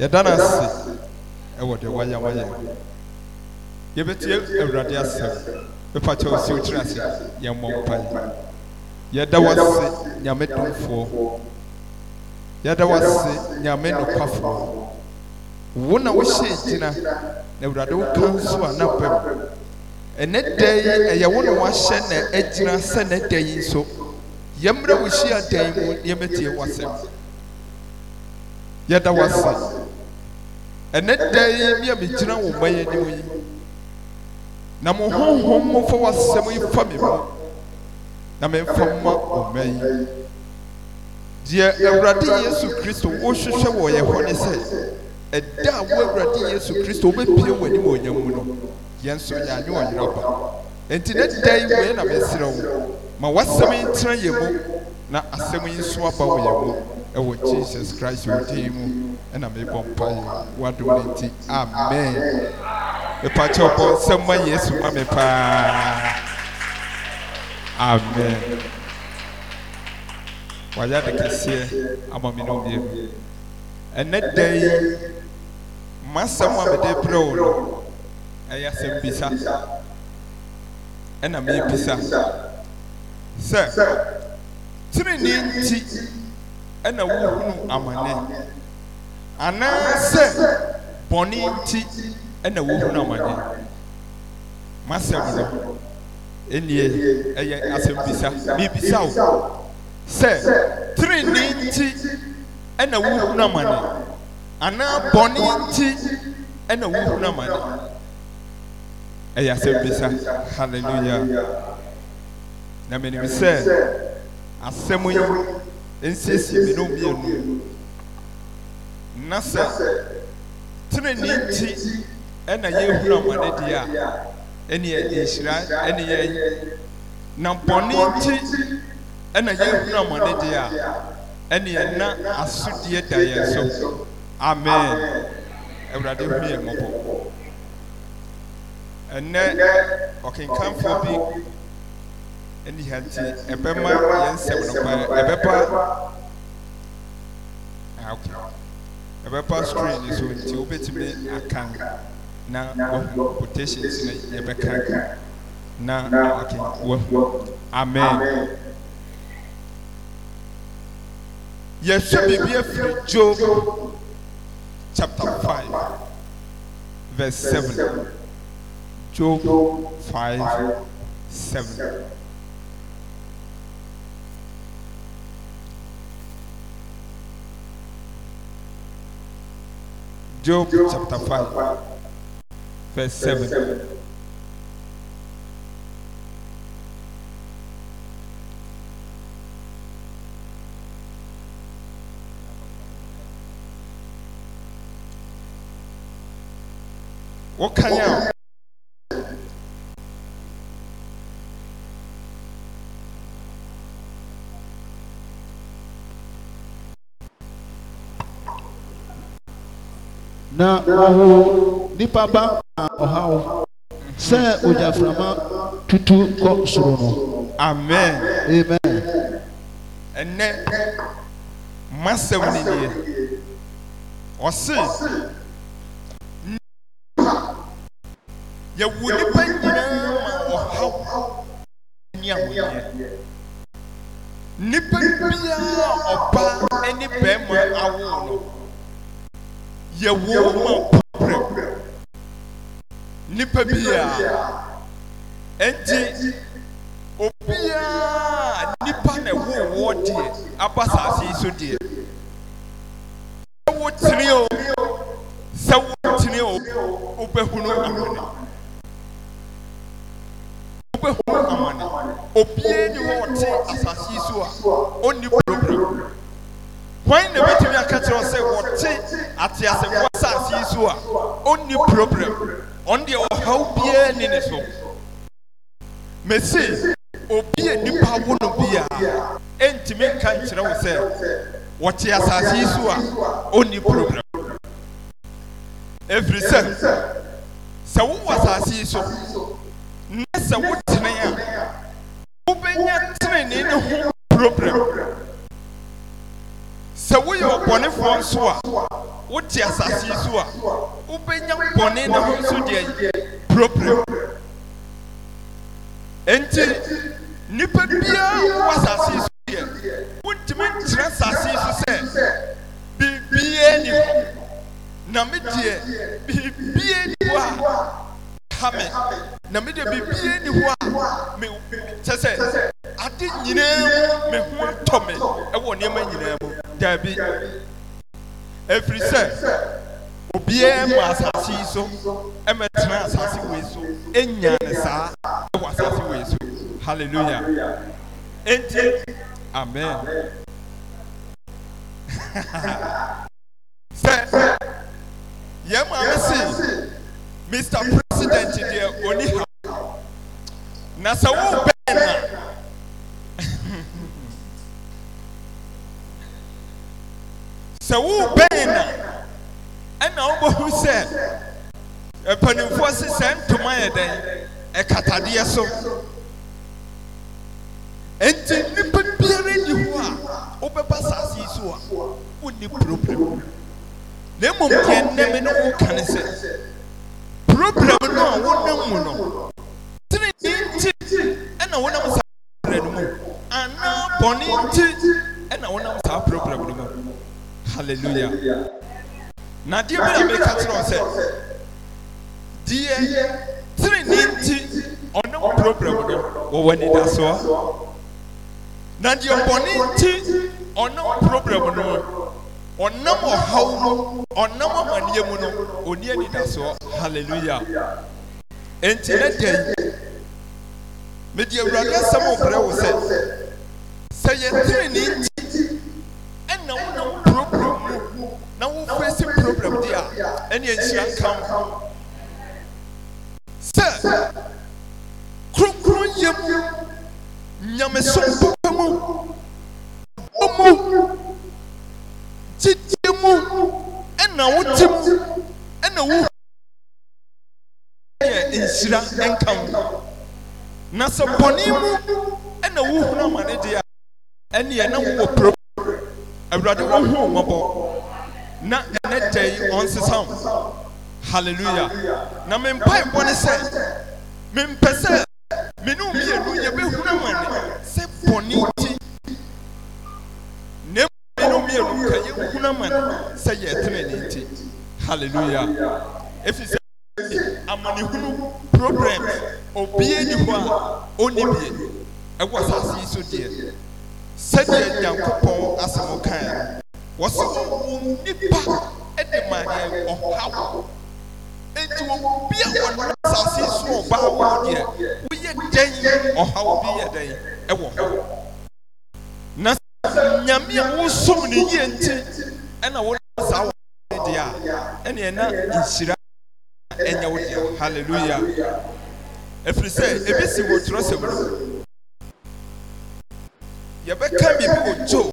yɛda no ase ɛwɔ deɛ wayɛ wayɛ yɛbɛtie awurade asɛm mefa kyɛ wo si wo kyerɛ ase yɛmmɔ mpae yɛda wo ase nyame domfoɔ yɛda wo ase nyame nokwafoɔ wo na wohyɛɛ gyina na awurade wo ka nso a na bɛm ɛnɛ da yi ɛyɛ wo na wahyɛ na agyina sɛ nɛ da yi nso yɛmmerɛ wo hyia dan mu na yɛmɛtie w'asɛm yɛda wo asɛ ɛnɛ dɛyi me a megyina wɔ ma yɛ ani yi na mo honhom mofa w'asɛm yifa me ba na memfa m ma ɔ ma yi deɛ awurade yesu kristo wohwehwɛ wɔ yɛ hɔ ne sɛ ɛda a wɔ awurade yesu kristo wobɛpie wɔ anim onya mu no yɛn nso nya anye ɔ yeraba enti nɛ dɛn wɔɛ na meserɛ wo ma w'asɛm yi tera yɛ mu na asɛm yi nso aba wo a mu ɛwɔ jesus christ wɔ din mu ɛna mebɔ mpaeɛ woadom no nti amen mepakyɛ ɔbɔ nsɛm yesu ma me paa amen wayɛ ade kɛseɛ ama me no mmienu ɛnɛ da yi masɛm a mede brɛ wo no ɛyɛ e asɛm bisa ɛna meebisa sɛ tirinii nti ɛna wohunu amane anaasɛ bɔne nti ɛna wohunu amane masɛm no ɛnie ɛyɛ asɛm bisa biribisa wo sɛ tirinii nti ɛna wohunu amane anaa bɔne nti ɛna wohunu amane ɛyɛ asɛm bisa hallelujah na menim sɛ asɛm yi nsiesie me no mmienu na sɛ tenene nti ɛna yɛhunu amane deɛ a ɛne yɛ nhyira ɛne yɛ na bɔne nti ɛna yɛhunu amane deɛ a ɛne yɛ na asodeɛ da yɛn so amen awurade hunu yɛn mmɔbɔ ɛnɛ ɔkenkanfoɔ bi ɛne ha nti ɛbɛma yɛn nsɛm nokware ɛbɛpa ako ah, ɛbɛpa screen ne so nti wobɛtumi akan na wahu quotations no yɛbɛka na ake wahu amen yɛhwɛ biribi afiri job chapter five, verse seven. job five seven. job chapter 5v verse 7 okkayam na ɔho nipa ba na ɔhaw sɛ ogyaframa tutu kɔ soro no. amen. amen. ɛnɛ masɛm ni deɛ ɔse yɛwɔ nipa nyinaa ma ɔhaw ni ahoyɛ nipa biara ɔbaa ne bɛrima awo no. yɛwo marɛ nnipa bia nti obia nnipa ne wowɔ deɛ aba sase yi so deɛ ɛwoe aa obia ehɔte asasey sa hwan na betumi aka kyerɛ wo sɛ wɔte ateasɛgɔ asase yi so a ɔnni probrem ɔn deɛ ɔhaw biara nnini so mese obi a nnipa wo no bi a uh, entimi nka nkyerɛ wo sɛ wɔte asase yi so a uh, onni probrem ɛfiri sɛ sɛ wowɔ asase yi so ne sɛ wotenen a wobɛnya terene ne ho probrem sɛ woyɛ ɔbɔnefoɔ nso a wote asaseɛ so a wobɛnya bɔne no ho nso deɛ probrɛm enti nnipa biara wo asasey so deɛ wote mi kerɛ asase so sɛ bibia ni hɔ na me deɛ bibieni hɔ a ka me na medeɛ bibia nni hɔ a mekɛ sɛ ade nyinaa me ho atɔ me wɔ nnoɔma nyinaa mu dabi ɛfiri sɛ obiaa ma asase yi so mɛtona asase wei so ɛnyane saa wɔ asase wei so halleluya enti amen sɛ yɛ mame se mistr president deɛ oni hawna sɛ sɛ woe bɛn na ɛnea wobɛhu sɛ apanimfoɔ sɛ sɛa ntoma eɛ dɛ ɛkatadeɛ so enti nnipa biara yi hɔ a wobɛba saase yi so wa wonni problem mo na mmom dɛ nnam no woka ne se probrem no a wonammu no tirei nti ɛna wonam saa probrem no mu anaa bɔne nti ɛna wonam saa probrem no mu na deɛ bɛna meka terɛ sɛ deɛ tere ne nti ɔnam probrem no wɔwɔ anidasoɔ na ndeɛ ɔbɔne nti ɔnam problem no ɔnam ɔhaw ɔnam amanniɛ mu no ɔnni anidasoɔ halleluya enti nɛ dɛi mede awurade asɛm brɛ wo sɛ sɛyɛ terenei nawokɔ asɛ problem de a ɛneɛ nsyira nka m sɛ kronkron yɛm nyamesompɛ mu bo mu gyigye mu ɛna wote mu ɛna wouyɛ nhyira ne nka mu na sɛ bɔne mu na wohunu amane deɛ a ɛneɛ na wowɔ problem awurade wohuwo mmabɔ na ɛnɛ gyɛe ɔnsesa wo halleluya na mempae bɔne sɛ mempɛ sɛ menemeanu yɛbɛhunamane sɛ pɔne nti nemenemi anu ka yɛ huna mane sɛ yɛ tema ani nti halleluya ɛfii sɛ amanehunu program ɔbia yi hɔ a ɔnnibie ɛgɔ sase yi so deɛ sɛdeɛ nyankopɔn asɛmɔ ka aws onipa ɛde ma yɛn ɔhaw eti wɔn bi a wɔn asase so ɔbaa wɔ deɛ woyɛ dɛn ɔhaw bi yɛ dɛn ɛwɔ hɔ na nyame wosom ne yie nti ɛna wɔn saa wɔ ne deɛ a ɛna ɛna nhyira ɛnyɛ wo deɛ hallelujah efiri sɛ ebi si wɔ twerɛsɛm no yɛbɛka biribi wɔ joe.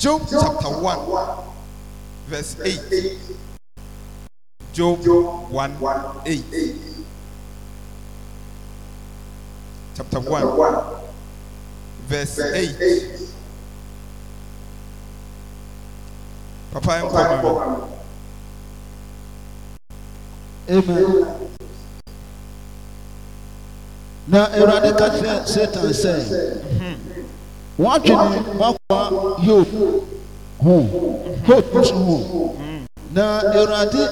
Job chapter 1, verse 8. Job 1 8. Chapter 1, verse 8. Papa, I'm coming. Amen. Now, Awurade ka kyerɛ Satan sɛ wɔatwene wakɔa hiob ho hiob nso ho na awurade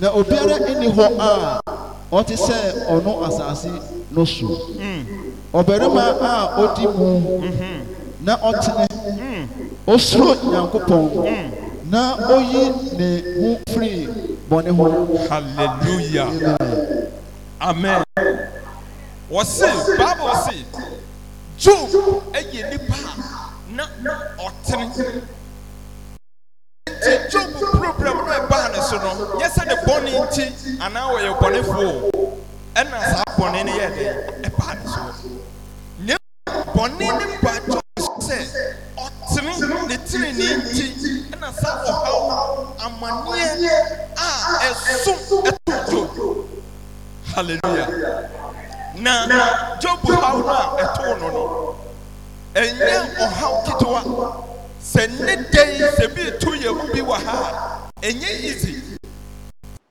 na obiara nni hɔ a ɔte sɛ ɔno asase no so hmm. a ɔdi mu hmm. na ɔtene hmm. ɔsoro pọn na oyi ne ho firi bɔne ho hallelujah amen wɔse bible se job ɛyɛ nipa na ɔtene nti job problem no ɛbaa ne so no yɛsɛ ne bɔne nti anaa wɔyɛ bɔnefoɔ ɛna saa bɔne no yɛ de ɛbaa ne so ne bɔne ne baa job sɛ ɔtene ne tene ne nti ɛna saa ɔhaw amanneɛ a ɛso ɛto job hallelujah na jo bu haw no a ɛtoo no no ɛnɛ ɔhaw kedewa sɛ nne dɛn sɛ meeto yahu bi wa ha a ɛnyɛ yise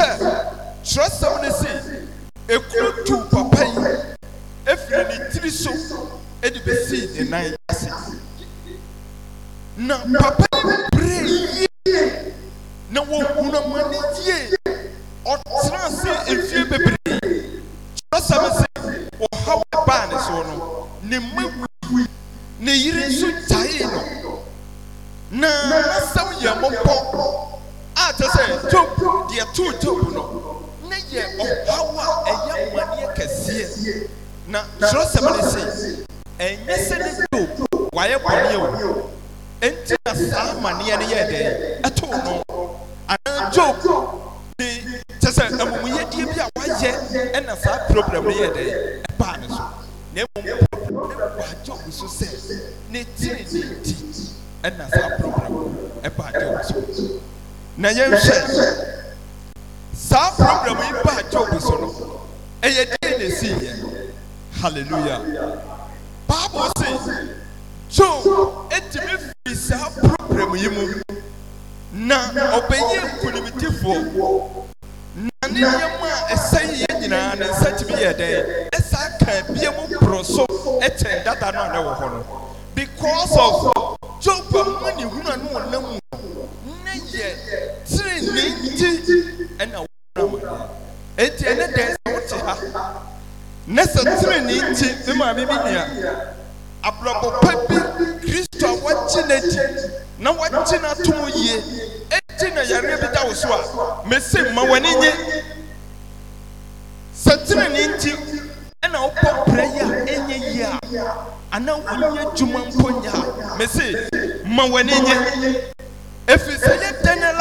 sɛ kyerɛsɛw de se ɛkunotuu papa yi ɛfine ne tiri so ɛde besei de nan ase na papa yi beree yie na wohunamaneyiee ɔtra sɛ mfie bebreeyi rɛ sas ɔhaw baa ne so no ne mma wui ne yere nso gyaee no na asɛm yɛ mo mpɔ a kyɛ sɛ job deɛ too job no ne yɛ ɔhaw a ɛyɛ mmaneɛ kɛseɛ na kyerɛsɛm ne se ɛnyɛ sɛ ne job wayɛ bɔneɛ o enti na saa mmaneɛ no yɛɛ dɛn ɛtoo no anaa job ne kyɛ sɛ amumuyɛdeɛ bi a wayɛ ɛna e saa problem no yɛɛ dɛn na emu ekɔ adzɔgu so sɛ ne tiri ne ti ɛna saa program ɛba adzɔgu so na yɛn hwɛ saa program yi ba adzɔgu so no ɛyɛ den na esi yɛ hallelujah baabu se joe etimi fi saa program yi mu na ɔbɛyɛ nkunimdifoɔ na ne nneɛma a ɛsɛ yɛ nyinaa ne nsa tumi yɛ dɛn. upon because of w'ani nye efi sɛ yɛ daniel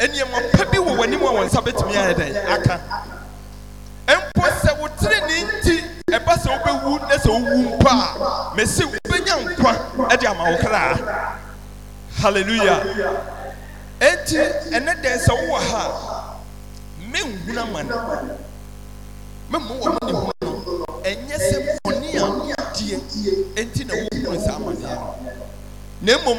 a nneɛma pa bi wɔ w'anim a wɔn nsa bɛtumi ayɛ dɛ aka mpo sɛ wò tiri ne nti ɛba sɛ wobɛwu na sɛ wowu mpo a mesi wobɛnya nkwa ɛde ama wo kra hallelujah eti ɛnɛ dɛ sɛ wowɔ ha me nhuna ma no me mu wɔ ni ne ho no ɛnyɛ sɛ bɔne a deɛ enti na wohunu saa amaneɛ no na mmom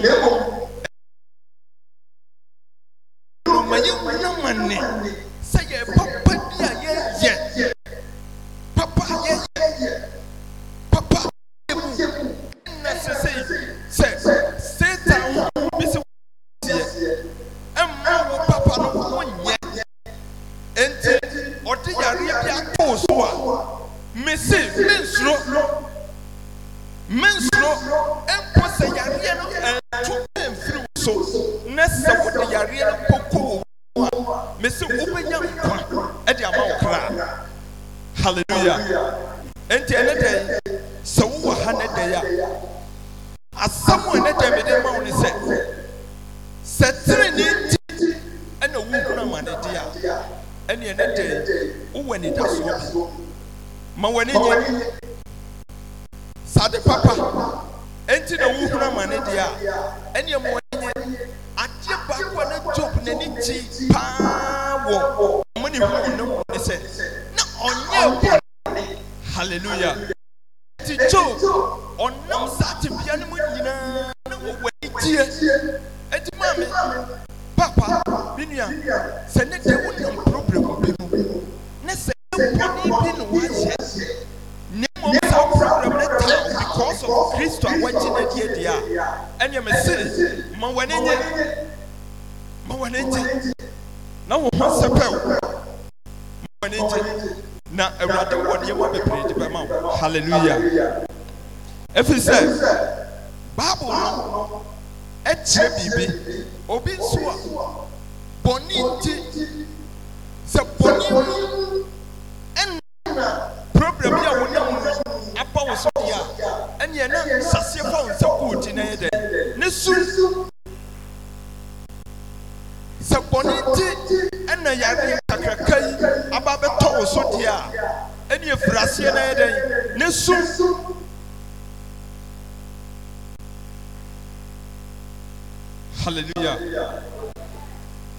w'ani gye na wo ho sɛpɛw ma gye na awurade wɔ nneɛma bebree de bɛma wo hallelujah ɛfiri sɛ bible no ɛkyerɛ biribi obi nso a bɔnni nti sɛ bɔnni mu ɛnna problem yi a wɔnam mu aba wɔ so yɛ a na saseɛ fa wɔn nsa kuu dɛ ne su. yɛfeɛ kakra kayi aba bɛtɔwo so deɛ a ebiefiriaseɛ no yɛdɛn ne so aea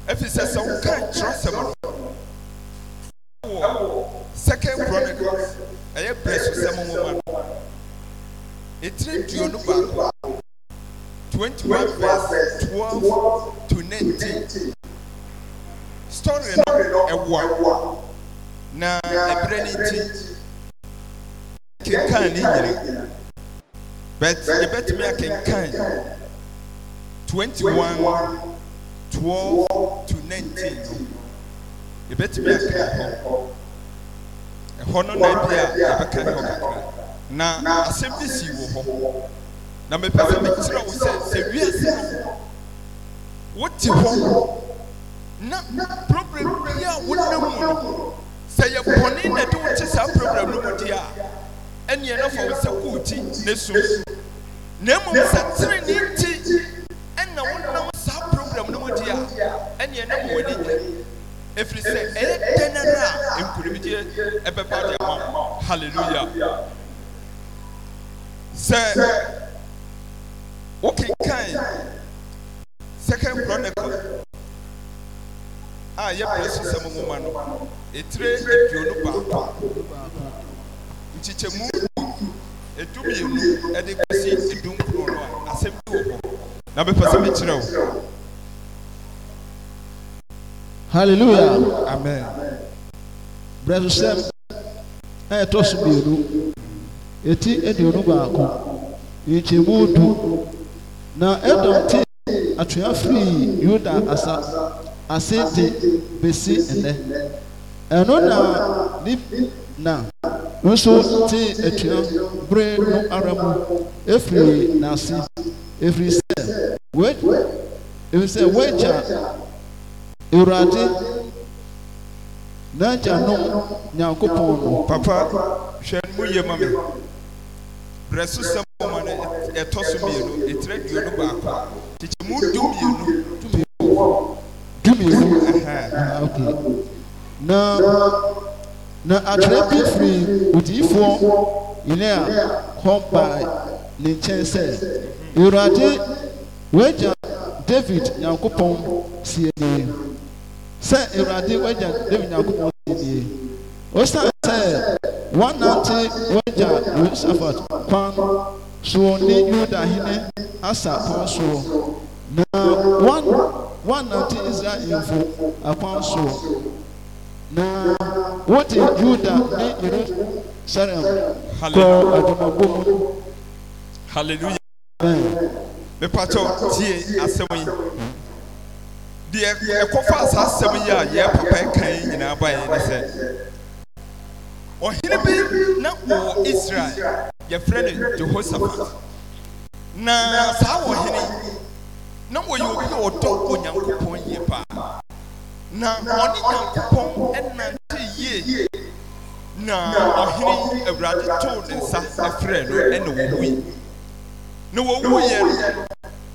ɛfiri sɛ sɛ wo ka nkyerɛ sɛm no secɛn prone ɛyɛ bɛ so sɛm woma no ɛtidn ba 2 ɛwoa na ɛberɛ no nti kenkan ne nyire but yɛbɛtumi akenkan 21 12 to 19 yɛbɛtumi aka hɔ ɛhɔ no naa bi a ɛbɛkanhmakora na asɛm bi sii wɔ hɔ na mepɛfɛ meterɛ wo sɛ sɛ wie si wote hɔ na probrem bi a wonamu sɛ yɛpɔne nade wo kye saa probram no mudiɛ a ɛnea nafo mo sɛ kuuti ne sumsu na mmom sɛ terɛ ni nti ɛnna wona wo saa probram no mudiɛ a ɛneɛ namowodi di ɛfiri sɛ ɛyɛ pɛnano a nkurumi deɛ ɛbɛbadeɛ hɔ halleluya kyerɛ wo hallelujah amen brɛsusɛm a ɛtɔ so mmienu eti aduonu baako nkyɛnmu du na ɛdɔm te atwea firii yuda asa ase de besi ɛnɛ ɛno na ni na. nso te atua bere no ara mu efiri n'ase efiri sɛ wet sɛ wagya ewurade n'agya no nyanko pɔn no. papa hwɛ mu yie ma mi brɛso sɛm ɔmo no ɛtɔ so mmienu etire duonu baako kyekyɛ mu du mmienu du mmienu du mmienu ɛhɛn ah, ok na na atwerɛ bi firi odiyifoɔ yìnyɛ a kɔn baa ne nkyɛn sɛ awurade wagya david nyankopɔn sie nie sɛ awurade wagya david nyankopɔn sie nie osiane sɛ wɔnante wagya yosafat kwan soɔ ne yudahene asa kwan soɔ na wɔn wɔnante israel mfo akwan soɔ na wote yuda ne yerusalem kɔ adumabo mu hallelujah mepatɔ tie asɛm yi deɛ ɛkɔfa saa asɛm yi a yɛ papa kan yi nyinaa ba yɛ ne sɛ ɔhene bi na wɔ israel yɛfrɛ no jehosaphat na saa ɔhene na wɔyɛ obi a ɔdɔ onyankopɔn yie paa na ɔne nyankopɔn ɛnam yie na ɔhene awurade too ne nsa afrɛ no ɛna wɔwui na wɔwuiɛ no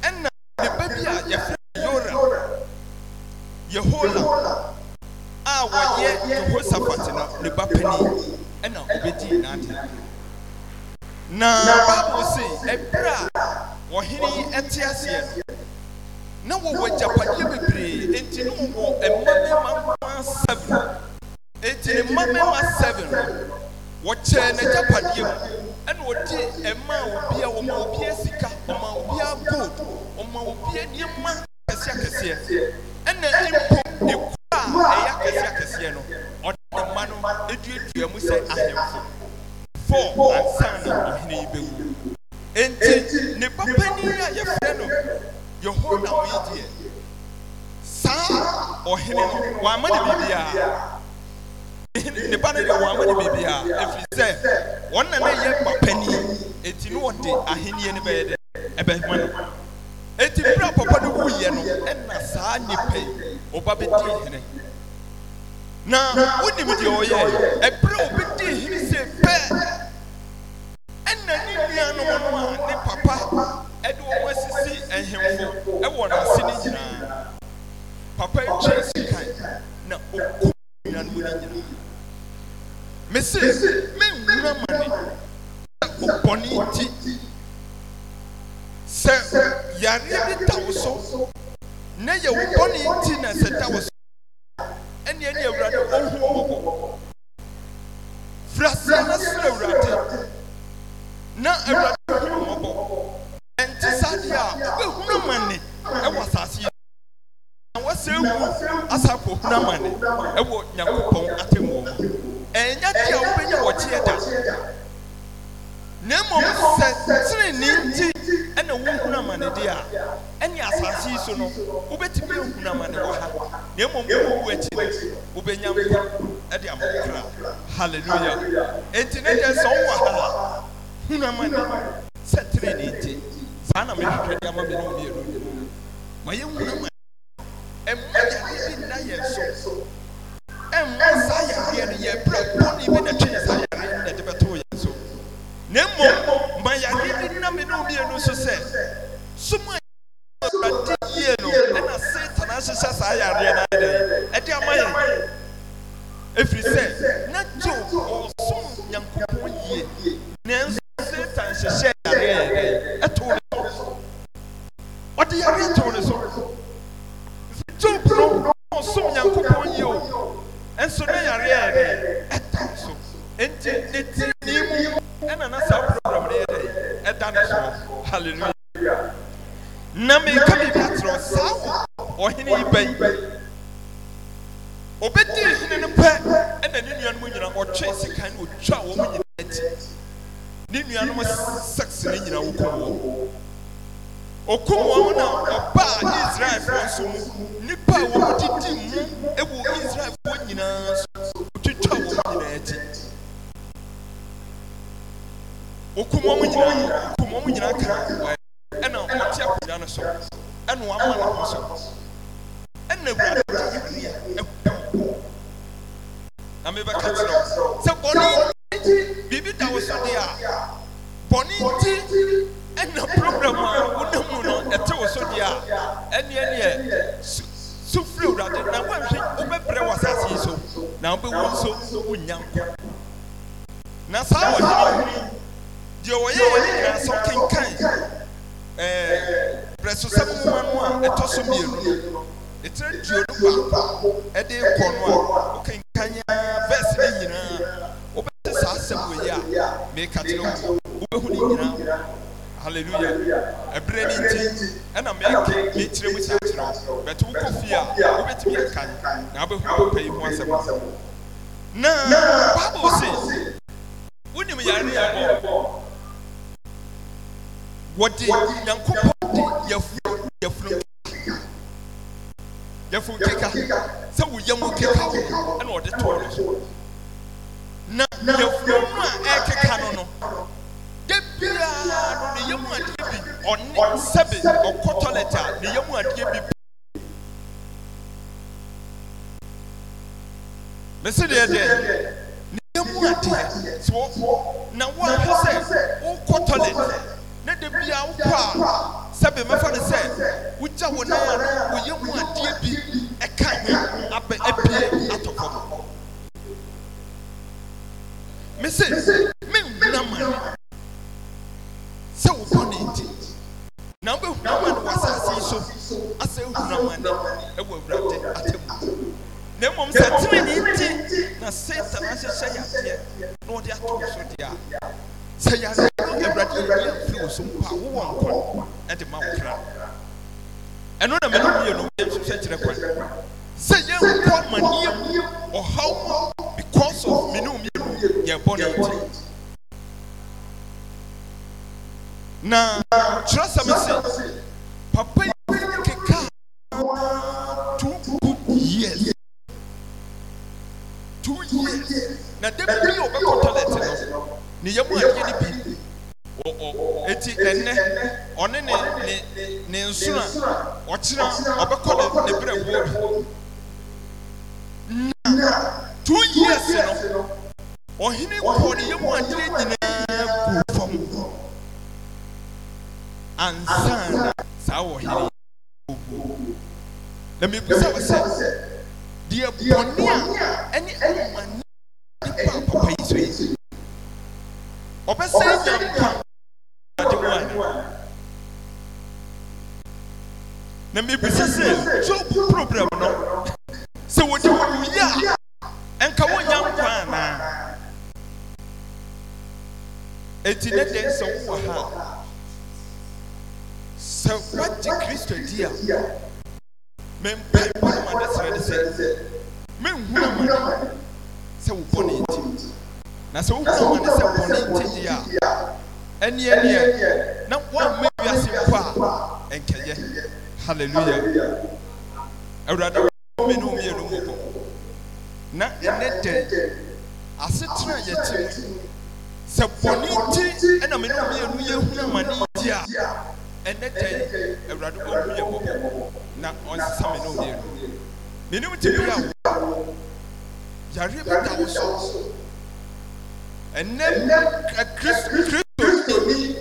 ɛna ne ba bi a yɛfrɛ yoram yehola a wɔyɛ yehosafat no ne ba panin ɛna ɔbɛdii n'ade na baabo se ɛberɛ a ɔhene ɛte aseɛ no na wɔwɔ agyapadeɛ bebree enti ne wɔwɔ mma mmarima nkoa eti ne mma mmarima seven wɔkyɛ n'agyapadeɛ mu ɛna wɔde ɛma obi a wɔma obi sika wɔma obi gold wɔma obi nneɛma akɛseɛ akɛseɛ ɛna mpo ekura a ɛyɛ akɛseɛ akɛseɛ no ɔde ne mma no eduadua mu sɛ ahemfo four ansan na ɔhene yi bɛwu enti ne papanin a yɛfrɛ no yɛhɔ na ɔyɛ deɛ saa ɔhene no wɔama ne biribiara nipa no deɛ wɔama ne biribi a ɛfiri sɛ wɔn na yɛ papani eti no wɔde ahenni no bɛyɛ dɛ ɛbɛma no eti mmerɛ papa no wuyɛ no ɛna saa nipa yi ɔba bɛdi hene na wonim deɛ ɔyɛ ɛberɛ ɔbɛdi hene sɛ pɛ ɛna ne nuanom no a ne papa ɛde wɔn asisi ɛhenfo ɛwɔ n'ase ne nyinaa mese me nwura mane sɛ wopɔne nti sɛ yareɛ bi ta wo so na yɛ wo bɔne nti na sɛ ta wo so ɛneɛ ne awurade ɔhu wɔbɔ firasea na soro awurade na awurade hu wɔbɔ ɛnte saa deɛ a wobɛhunu amane ɛwɔ asase yi na wɔsɛ wu asakɔ hunu amane ɛwɔ nyankopɔn mmom sɛ tirinni nti ɛna wohunu amanede a ɛne asase yi so no wobɛtumi ahunu amane wɔ ha na mmom wowu akyi no wobɛnya mpa ɛde amokra halleluya enti ne deɛ sɛ wowɔ ha a hunu amane sɛ tirinni nti saa na mehwehwɛ de ama me ne wo mmienu nyinaa mayɛ hunu amane ɛfiri sɛ na job na abɛhu papa yi ho asɛm na bible se wonim yare yɛ bɔ wɔde nyankopɔn de yɛfunu yɛfunu yɛfunu keka sɛ wo yam keka wo ɛna ɔde tɔɔ no na yɛfunu mu a ɛrekeka no no de no ne yam adeɛ bi ɔne sɛbe ɔkɔ tɔlɛt a ne yam adeɛ bi mesi deɛ deɛ nneɛmu adeɛ soɔ na wɔahwɛ sɛ wokɔ toilet ne de bia wokɔ a sɛbe mɛfa no sɛ wogya wo nan ano woyɛ mu adeɛ bi ɛka ho abɛ abie atɔ fam mesi menhuna ma sɛ wo bɔne nti na wobɛhuna ma no wɔasase yi so asɛ wohuna ma no ɛwɔ awurade atam na mmom sɛ tenene na satan ahyehyɛ yadeɛ na ɔde ato so deɛ sɛ yadeɛ no awurade yɛ mfiri wo so mpa wowɔ nkɔ ɛde ma wo kra ɛno na mɛno mmienu yɛnhyehyɛ kyerɛ kwan sɛ yɛnkɔ amanneɛ mu ɔhaw because of me ne wo mmienu yɛbɔ ne nti na kyerɛ sɛ me se papa yi keka two years na de bi o bɛ kɔ toilet no ne yɛ mu adeɛ no bi wɔ ɔ eti ɛnɛ ɔne ne ne ne nsono a ɔkyerɛ ɔbɛkɔ ne ne brɛ wɔ bi na two years no ɔhene kɔ ne yɛ mu adeɛ nyinaa gu fam ansa na saa wɔ hene na mebusa wɔ sɛ. dɛbɔne a ɛne an aapayi si ɔbɛsɛ yaaade mu an ne mebisɛ sɛ tob probrɛm no sɛ wode wonɔyɛ a ɛnka wɔnyampa anaa enti nɛ dɛn sɛ woɔ ha sɛ wagye kristo di a mɛmpɛ wɔn ma ne srɛ de sɛ mɛnhura ma ne sɛ wo bɔ ne na sɛ wohura ma ne sɛ bɔ ne nti yi a ɛneɛ na wɔn mɛ wiase mpo a nkɛyɛ hallelujah awurade wɔn mmienu mmienu mu bɔ na ɛnɛ dɛ asetena yɛ ti mu sɛ bɔne nti ɛna mmienu mmienu yɛ hura ma ne nti a ɛnɛ dɛ awurade wɔn mu yɛ bɔ bɔ na ɔnsesa me ne ɔdeɛ no menim te bi a yareɛ bi da wo so ɛnɛ kristoni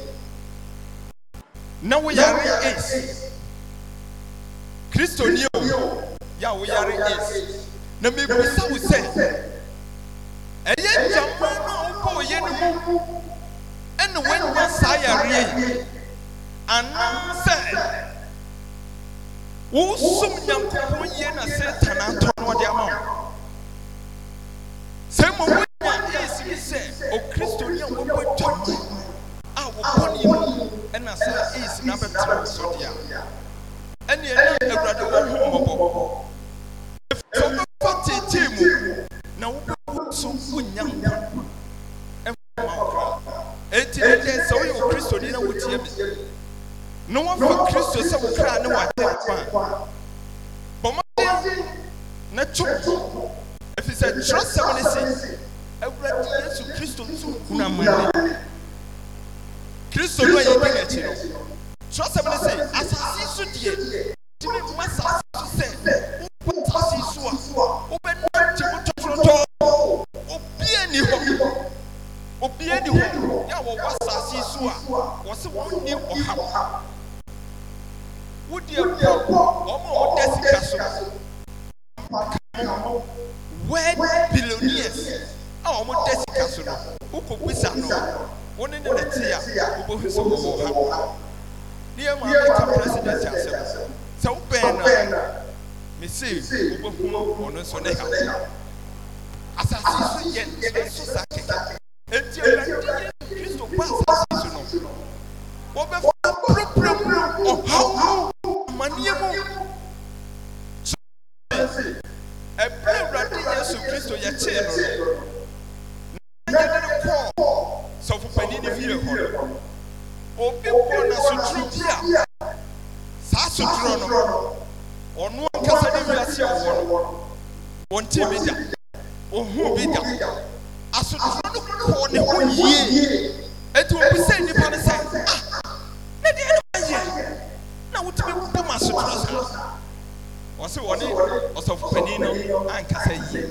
na woyare es kristoni o yɛ a woyare es na mebusa wo sɛ ɛyɛ gyama no a wokɔ ɔyɛ no mu ɛne woanya saa yareɛ yi anaa wosum nyankopɔn yie na satan atɔ no ɔde ama wo sɛ mmom wonya ɛsimi sɛ okristoni a wobɔ dwama a wobɔne mu ɛna sɛ ɛsi na bɛtena wo so deɛ a ɛne ɛne awurade wɔho mmɔbɔ ɛfiri wobɛfa teetee mu na wobɛwu so wonya nkwa ɛmfa ma wo kra ɛnti ɛdeɛ sɛ woyɛ okristoni na wotie me na wɔmfa kristo sɛ wo kra ne wɔatɛ kwa bɔmmɔden na to ɛfiri sɛ kyerɛsɛm ne se awurade yesu kristo nso kuna mane kristo no a yɛdi n'akyi no kyerɛsɛm ne se asase so deɛ for ne ha asase so yɛ nso saa kɛkɛ eti awurade yɛ kristo ba asase so no wɔbɛfa purapura mu ɔhaw amaneɛ mu so ɛbɛrɛ awurade yesu kristo yɛ kyee no no na yɛde no kɔɔ sɔfopanin ne fie hɔ no obi bɔ na soturo bi a saa soturo no ɔno ankasa ne wiase a ɔwɔ no wɔn ti bi da ohun bi da asodoro no kɔ ne ho yie etu obi sɛ nipa no sɛ ah ne deɛ ne ma yɛ na wotumi bɔ ma asodoro sa wɔsi wɔne ɔsɔfo panyin no ankasa yie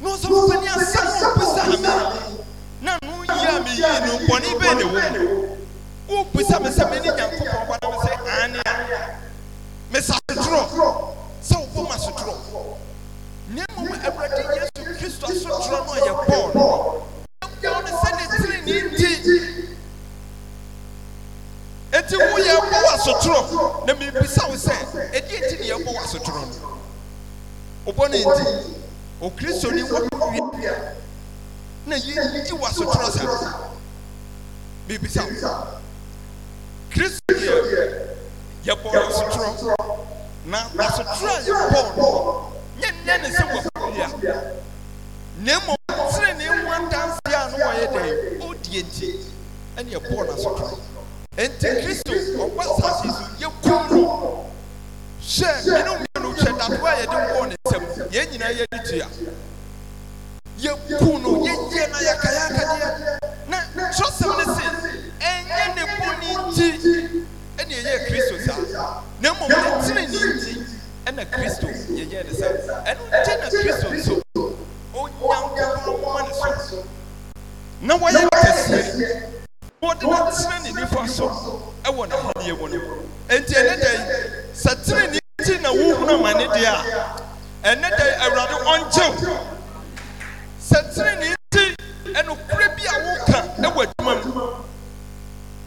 na ɔsɔfo panyin asa na obi sɛ ame na no yi a yie no bɔne bɛyɛ ne wo bisa me sɛ me ne nyankopɔn ba na me sɛ ane a me sa asodoro. nne mmom ɛberɛde yesu kristo asotorɔ no ayɛ bɔl no aw no sɛne tirini nti ɛti wo yɛrbɔ ɔ asotorɔ na mirbisa wo sɛ ɛdeɛ nti ne yɛbɔ wɔ asotorɔ no wobɔne nti o kristoni wɔda ne yegi wɔ asotorɔ sa mirbisawo kristo deɛ yɛbɔ asotorɔ na asotorɔ a yɛ bɔɔno yɛnyɛ ne sɛ wɔkɔbia na mmom serene ho adanseɛ a no wɔyɛ dɛn ɔdie nti ɛne ɛbɔɔ n'asoto enti kristo ɔba sase so yɛkum no hyɛ mene mmienu hyɛ datoa a yɛde wɔɔ ne nsɛm yɛn nyinaa yɛde tua yɛkum no yɛyie na yɛkayɛakadeɛ na kyerɛsɛm ne se ɛnyɛ ne bɔne nti ɛne ɛyɛ kristo saa na mmom ne nti ɛna kristo yɛyɛ ne saa ɛno nkyɛn na kristo nso onyankopɔn ma ne so na wɔyɛ kɛseɛ wɔde no tena ne nifa so ɛwɔ n'ahodeɛ wɔ no enti ɛne da sɛ tene ne ti na wohunu ama ne deɛ a ɛne da yi awurade ɔnkyew sɛ tene ne ti ɛnokorɛ bi a woka ɛwɔ adwuma mu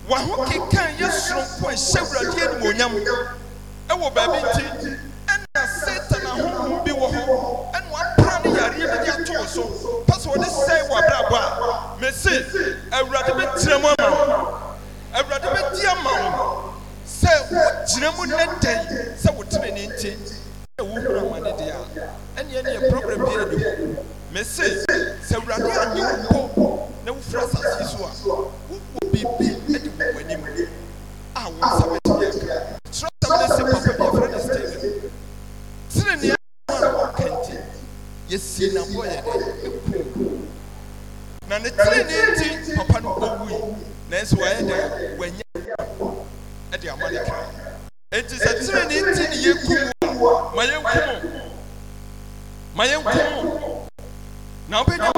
waho kekan yɛ soronko a ɛhyɛ awurade animonyam ɛwɔ baabi nti mese awurade bɛtena mu ama wo awurade bɛdi ama wo sɛ wogyina mu nnɛ dɛn sɛ wotene ne nti sɛ wohunu amane deɛ a ɛneɛ ne yɛ problem bi adu mese sɛ awurade anye wo mpo na wofiri asase yi so a wowɔ biribi ade wɔ w'anim a wo nsa bɛtumi aka kyerɛ sɛm ne se papa bi afrɛ ne stephen tenenea a wɔka nti yɛsie nabɔ yɛ dɛn na ne tiri ne ti papa no owui na nso wɔyɛ dɛ wɔnyɛ ɛde ama ne kan eti sɛ tiri ne ti ne yɛ kum ma yɛ nkum ma yɛ nkum na wɔbɛnya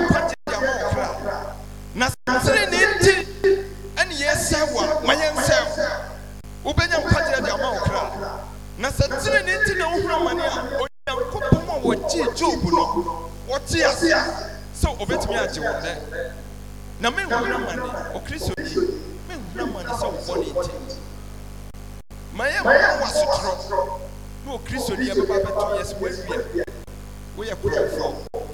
我们。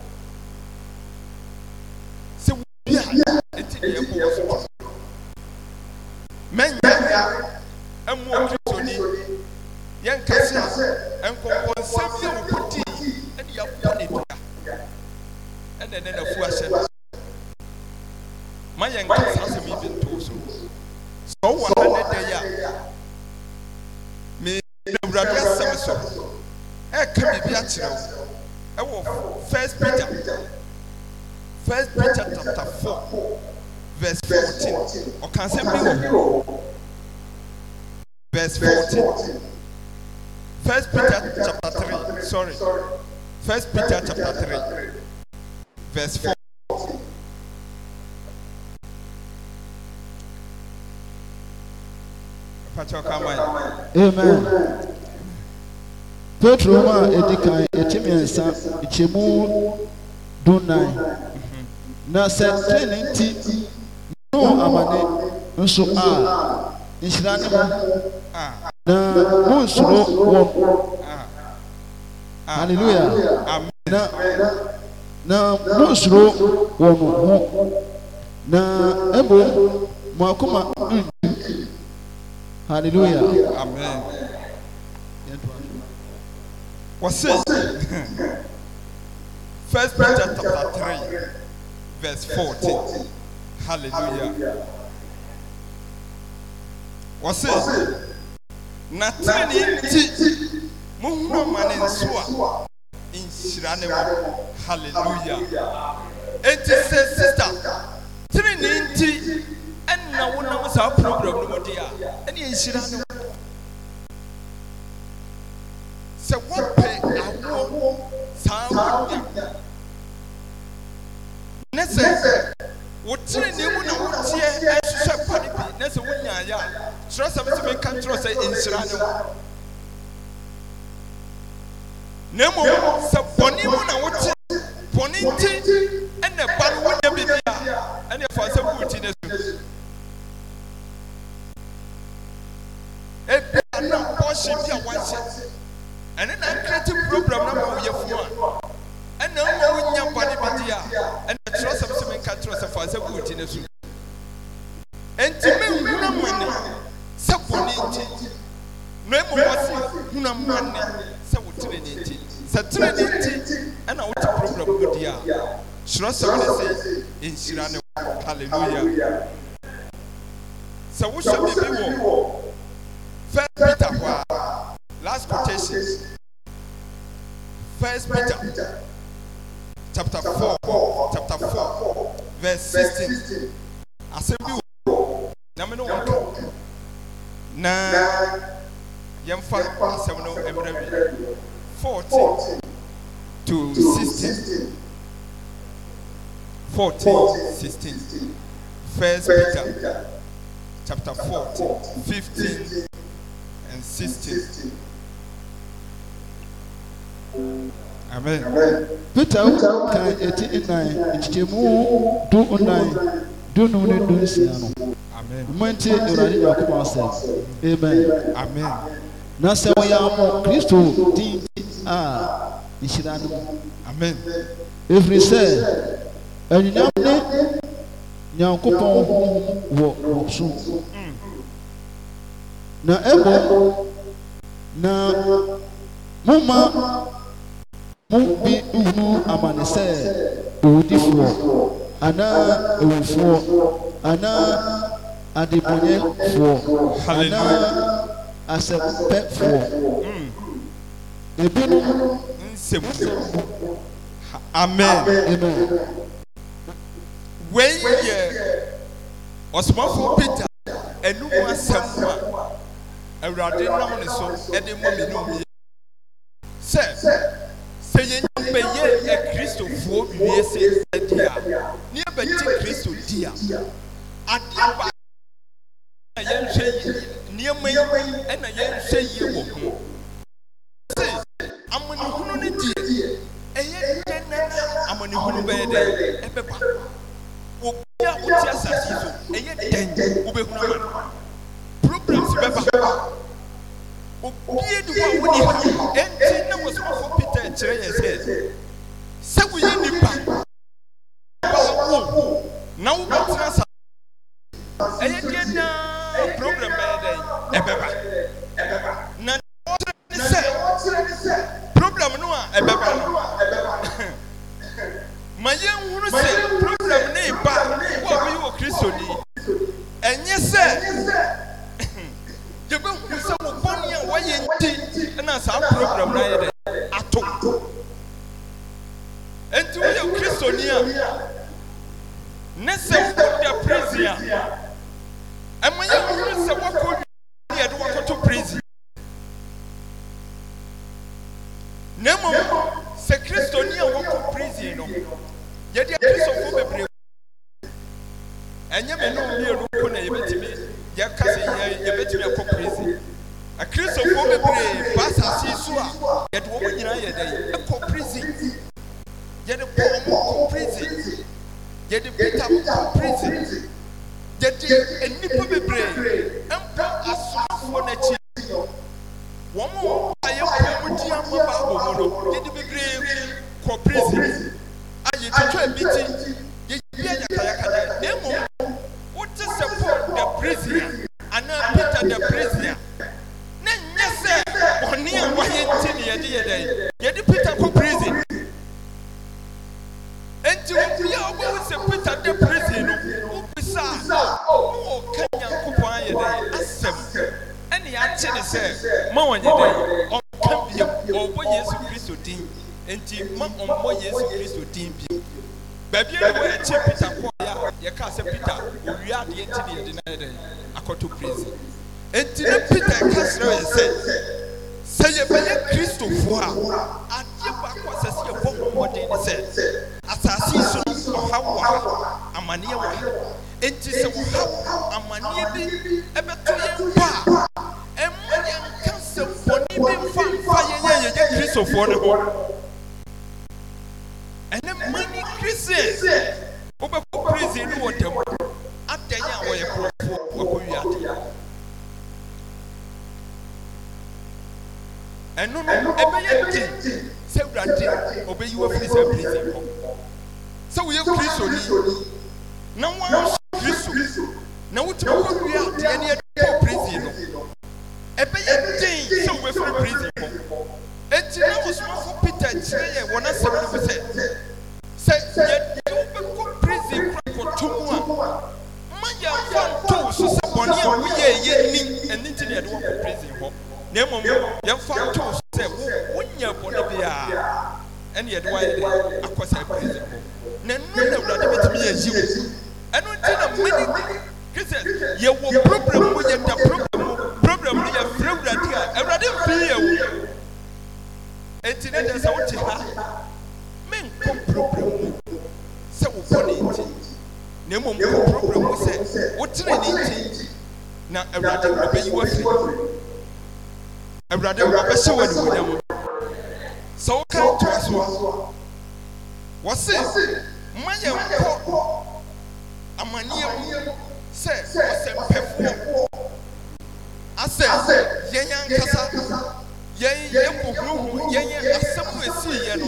amen petro mu a ɛdi kan ɛti mmiɛnsa ɛkyɛmu dunan na sɛ tene nti no amane nso a nhyira ne mu na monsoro wɔm hallelujah na na monsoro wɔn mu. na ebo mo akoma mm. hallelujah. ɔ s pa p3 vs1 aea ɔ se nata ne nti mohunu ma ne nso a nhyira ne mo halleluia enti sɛ sita tirene nti ɛnna wonam saa probrɛm no mudeɛ a ɛne nhyira nom saa woda ne sɛ wo tenene mu na woteɛ ɛhwehwɛ pa no bi ne sɛ wonyaeɛ a kyerɛsɛm sɛ meka nkyerɛ sɛ nhyira ne ho na mmom sɛ easɛ wohɛ mi bi mɔ fst peter hɔ a las qotations frst peter capa44 vers 16 asɛ bi namne wɔnka na yɛmfa asɛm no mrɛ mi 4016 16, 1 Peter chapter 4, 15 and 16. Amen. Peter ka eti nnan nkyɛnmu du nnan du num ne du nsia no. Amen. Mmanti Awurade Yakubu asɛ. Amen. Amen. Na sɛ wɔyɛ amɔ Kristo din a nhyira no mu. Amen. Efiri sɛ ɛnyinam ne nyankopɔn ho wɔ wo so na ɛbɔ na moma mo bi hunu amane sɛ owudifoɔ anaa ewufoɔ anaa adebɔnyɛfoɔ anaa asɛpɛfoɔ ebinom nsɛm amen amen wei yɛ ɔsomafo peter ɛnum asɛm a awurade nam ne so ɛde mɔ mi nom yɛ sɛ sɛ yɛn bɛyɛ akristofoɔ wie se ɛdi a ne yɛbɛgye kristo di a adeɛ ba na yɛnhwɛ yi nneɛma yi ɛna yɛnhwɛ yie wɔ ho sɛ amanehunu ne deɛ ɛyɛ dɛn na amanehunu bɛyɛ dɛn ɛbɛba obi a wote asase so ɛyɛ dɛn wobɛhunu ama no problems bɛba obie ne hɔ a wone ha ɛnti na wɔsomafo peter kyerɛ yɛ sɛ sɛ woyɛ nnipa wo na wobɛtena sa ɛyɛ deɛ naa problem bɛyɛ dɛn ɛbɛba sɛ peter owia adeɛ nti ne yɛde no ayɛ dɛn akɔto prison enti ne peter ɛka serɛ yɛ sɛ sɛ yɛbɛyɛ kristofoɔ a adeɛ baako a sɛ sɛ yɛbɔ ho mmɔden ne sɛ asase yi so no ɔhaw wɔ ha amanneɛ wɔ ha enti sɛ wɔhaw amanneɛ bi ɛbɛto yɛn bɔ a ɛmma yɛnka sɛ bɔne bi mfa mfa yɛn a yɛyɛ kristofoɔ ne ho ɛnɛ mani christians ma yɛ nkɔ amanneɛ mu sɛ ɔsɛ mpɛ o asɛɛ ɛnyɛ nkasa ɛyɛ bɔuru ho ɛɛ ɔsɛɔ ɛsiiɛ no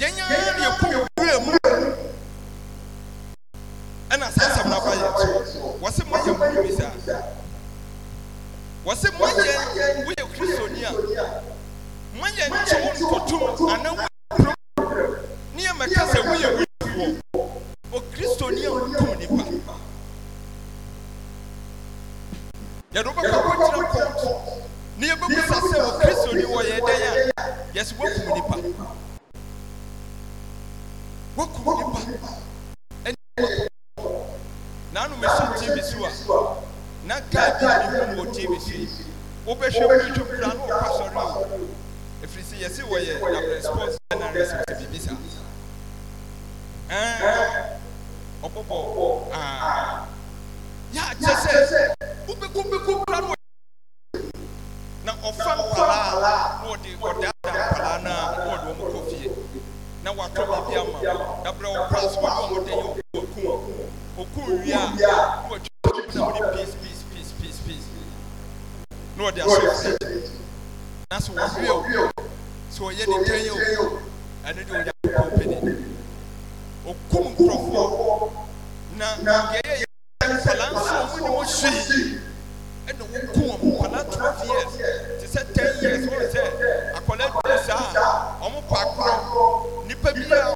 ɛyɛm ɛna sɛ asɛnbayɛ ky wɔ s mayɛ sɛwɔ s yɛwoyɛ kriston yɛ nkwn Bishop. N'est pas bien.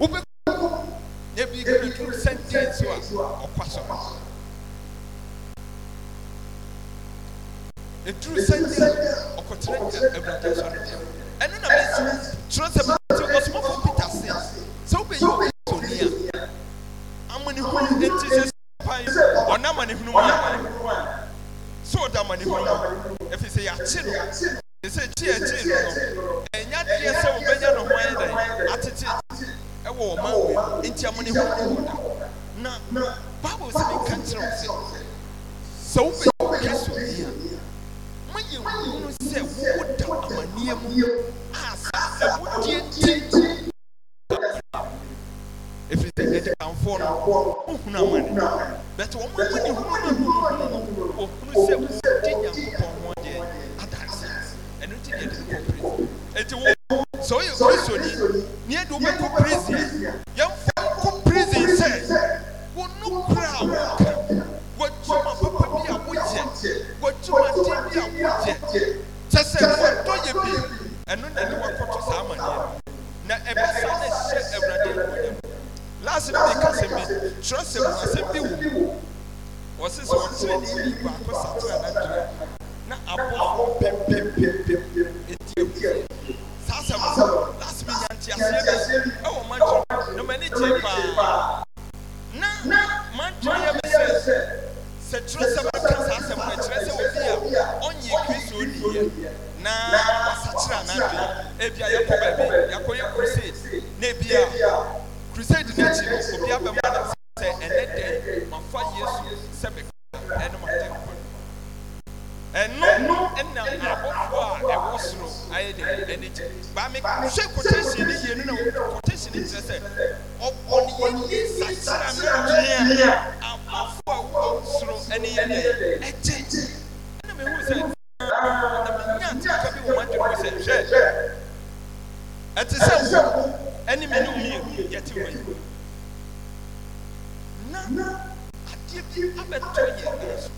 wobɛkɔ na bi bɛtum sɛntensi a ɔkɔ so no ɛduru sɛnte ɔkɔkyerɛ awurade asɔredeɛ ɛno na mɛsi kyerɛ sɛ mɛti ɔsomɔfo peter se sɛ wobɛyi ɔkɔsɔni a amanehunu ɛnti sɛ pan ɔna amanehunu mu a sɛ ɔda amanehunu mu ɛfiri sɛ yɛakye no nenhuma na wasakyera anadwe ebia yɛkɔ baabi yɛkɔ yɛ crusade na ebia crusade n'akyi no obi abɛma na sɛ ɛnɛ dɛn mafa yesu sɛ mekɔ ɛne magye nkɔ ɛno ɛna abɔfoɔ a ɛwɔ soro ayɛ dɛ ɛne gye ba me hwɛ quotation ne yie no na quotation ne kyerɛ sɛ ɔne yɛyi sakyera me adwene a abɔfoɔ a wɔ soro ɛne yɛ dɛ ɛgye ɛte sɛ ɛne ne mmienu yɛte wɔ na adeɛ bi abɛtɔ yɛ so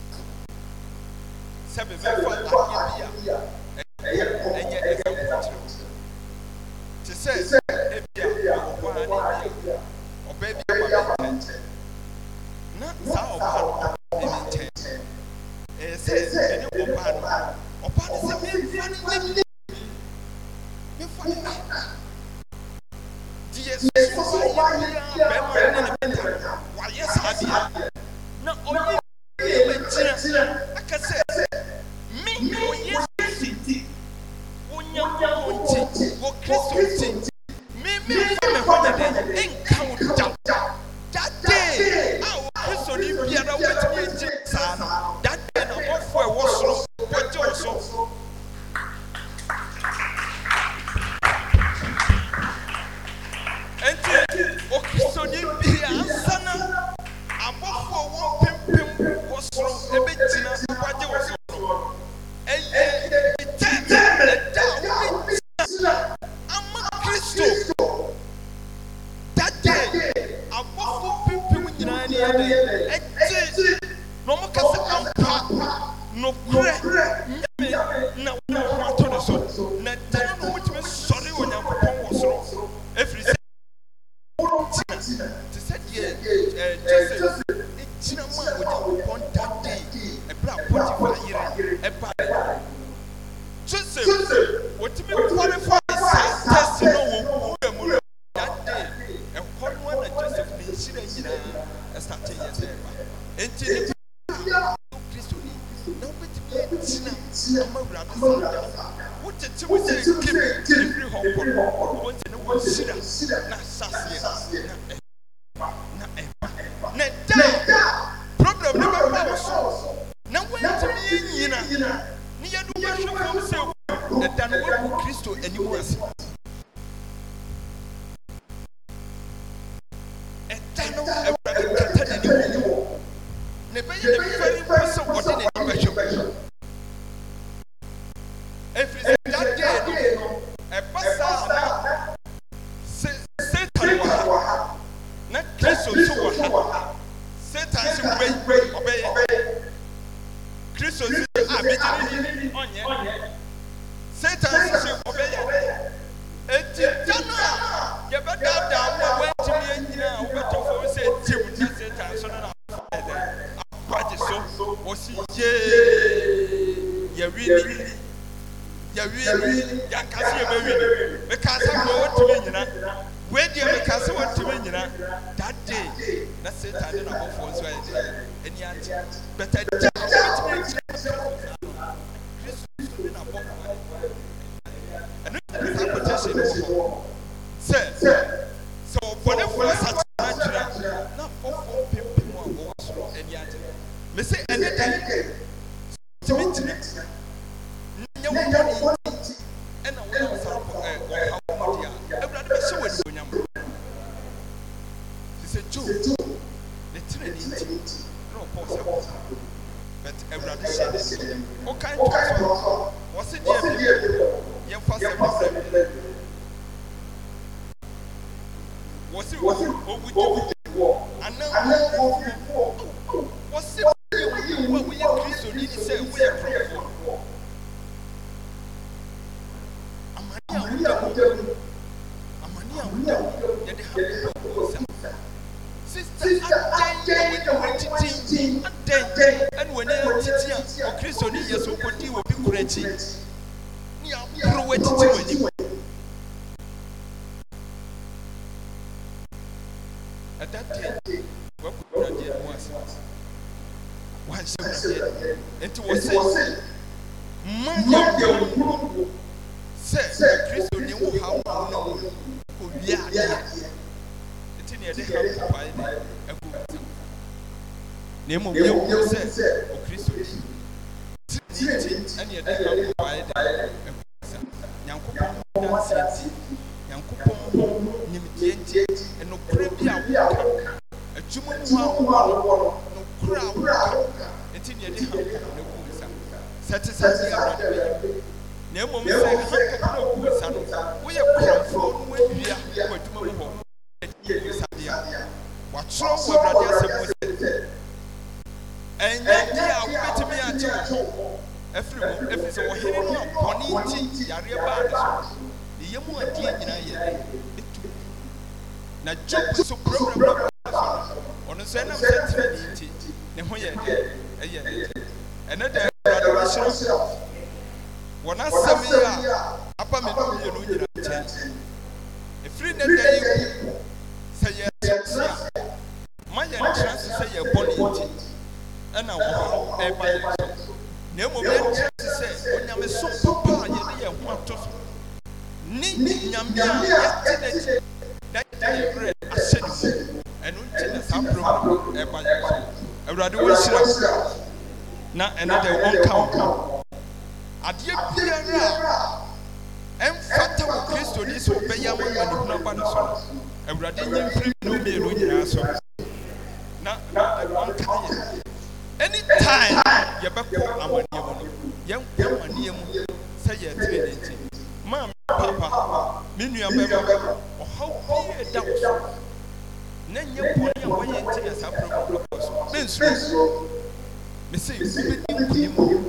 sɛ mebɛfa adeɛ bi a ɛyɛ ɛfɛ nkokyerɛ te sɛ nso wɔsi yee yɛwi ni yɛwi ni yankasi yɛ bɛwi ni nyina nyina that day na satan ne na bɔfɔ nso ayɛ dɛ ɛni ati bɛtɛ di a na mmom yɛhu sɛ ɔkristo ti ɛne yɛde kankoa ayɛ dɛ ɛkɔsa nyankopɔn danseɛ nti nyankopɔn nimdeɛ nti ɛnokorɛ bi a woka adwuma mu a wowɔ no nokorɛ a woka ɛnti ne yɛde hankoa no gu nsa sɛ te sɛ ti awurade bɛyɛ na mmom ɛda wo so na nyɛ bɔne a wɔyɛ nti na saa problem no kɔ so mensuro mesɛ wobɛdi bɔne mu